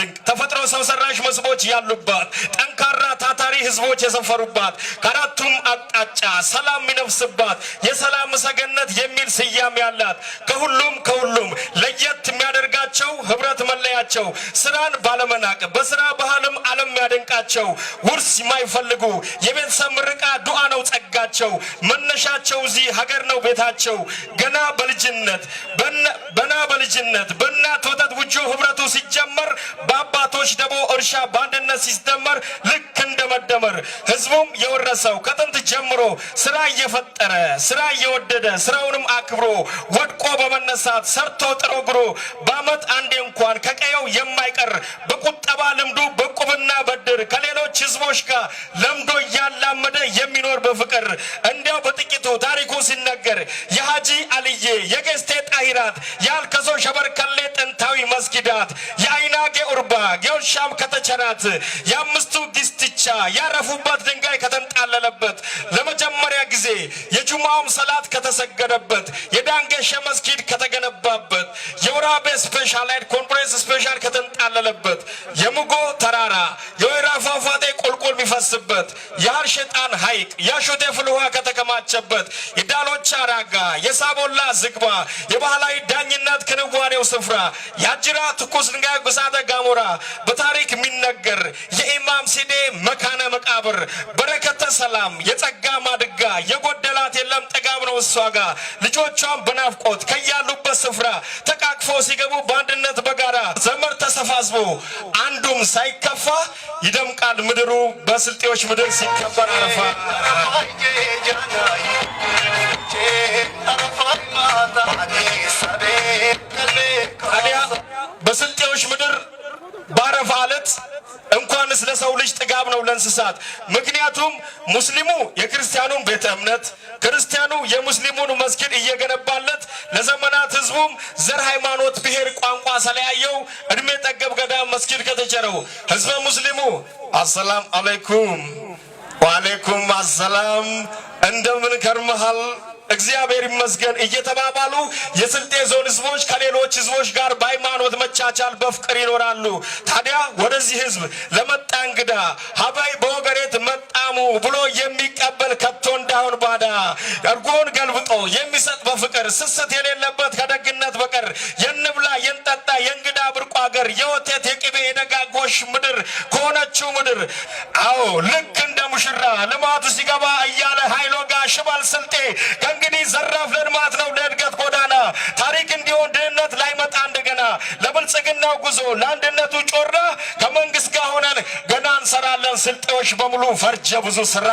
ድንቅ ተፈጥሮ ሰው ሰራሽ መስህቦች ያሉባት ጠንካራ ታታሪ ህዝቦች የሰፈሩባት ከአራቱም አቅጣጫ ሰላም የሚነፍስባት የሰላም ሰገነት የሚል ስያሜ ያላት ከሁሉም ከሁሉም ለየት መለያቸው ህብረት መለያቸው ስራን ባለመናቅ በስራ ባህልም ዓለም ያደንቃቸው ውርስ የማይፈልጉ የቤተሰብ ምርቃ ዱዓ ነው ጸጋቸው መነሻቸው እዚህ ሀገር ነው ቤታቸው ገና በልጅነት በና በልጅነት በእናት ወተት ውጆ ህብረቱ ሲጀመር በአባቶች ደግሞ እርሻ በአንድነት ሲደመር ልክ እንደመደመር ህዝቡም የወረሰው ከጥንት ጀምሮ ስራ እየፈጠረ ስራ እየወደደ ስራውንም አክብሮ ወድቆ በመነሳት ሰርቶ ጥሮ ግሮ በአመት አንዴ እንኳን ከቀየው የማይቀር በቁጠባ ልምዱ በቁብና በድር ከሌሎች ህዝቦች ጋር ለምዶ እያላመደ የሚኖር በፍቅር እንዲያው በጥቂቱ ታሪኩ ሲነገር የሀጂ አልዬ የገስቴ ጣሂራት የአልከሶ ሸበርከሌ ጥንታዊ መስጊዳት የአይናጌ ኡርባ የወሻም ከተቸናት የአምስቱ ጊስትቻ ያረፉበት ድንጋይ ከተንጣለለበት ለመጀመሪያ ጊዜ የጁማውም ሰላት ከተሰገደበት የዳንጌሸ መስጊድ ከተገነባበት የውራቤ ስፔሻል ኮንግሬስ ስፔሻል ከተንጣለለበት የሙጎ ተራራ የወይራ ፏፏቴ ቁልቁል የሚፈስበት የአርሸጣን ሐይቅ ያሹቴ ውሃ ከተከማቸበት የዳሎች ራጋ የሳቦላ ዝግባ የባህላዊ ዳኝነት ክንዋኔው ስፍራ የአጅራ ትኩስ ድንጋይ ጉሳተ ጋሞራ በታሪክ የሚነገር የኢማም ሲዴ መካነ መቃብር በረከተ ሰላም የጸጋ ማድጋ የጎደላት የለም ጠጋብ ነው እሷ ጋ ልጆቿን በናፍቆት ከያሉበት ስፍራ ተቃቅፎ ሲገቡ በአንድነት በጋራ ዘመር ተሰፋዝቦ ሁሉም ሳይከፋ ይደምቃል ምድሩ በስልጤዎች ምድር ሲከበር አረፋ ታዲያ በስልጤዎች ምድር ባረፋ ዕለት እንኳንስ ለሰው ልጅ ጥጋብ ነው ለእንስሳት። ምክንያቱም ሙስሊሙ የክርስቲያኑን ቤተ እምነት ክርስቲያኑ የሙስሊሙን መስጊድ እየገነባለ ለዘመናት ህዝቡም ዘር፣ ሃይማኖት፣ ብሔር፣ ቋንቋ ሳለያየው እድሜ ጠገብ ገዳም መስጊድ ከተቸረው ህዝበ ሙስሊሙ አሰላም አለይኩም ወአለይኩም አሰላም እንደምን ከርመሃል? እግዚአብሔር ይመስገን እየተባባሉ የስልጤ ዞን ህዝቦች ከሌሎች ህዝቦች ጋር በሃይማኖት መቻቻል በፍቅር ይኖራሉ። ታዲያ ወደዚህ ህዝብ ለመጣ እንግዳ ሀበይ በወገሬት መጣሙ ብሎ የሚቀበል ከቶ እንዳሁን ባዳ እርጎ ፍቅር ስስት የሌለበት ከደግነት በቀር የንብላ የንጠጣ የእንግዳ ብርቁ ሀገር የወተት የቅቤ የደጋጎሽ ምድር ከሆነችው ምድር አዎ ልክ እንደ ሙሽራ ልማቱ ሲገባ እያለ ኃይሎ ጋ ሽባል ስልጤ ከእንግዲህ ዘራፍ ለልማት ነው ለእድገት ጎዳና ታሪክ እንዲሆን ድህነት ላይመጣ እንደገና ለብልጽግናው ጉዞ ለአንድነቱ ጮራ ከመንግስት ጋር ሆነን ገና እንሰራለን ስልጤዎች በሙሉ ፈርጀ ብዙ ስራ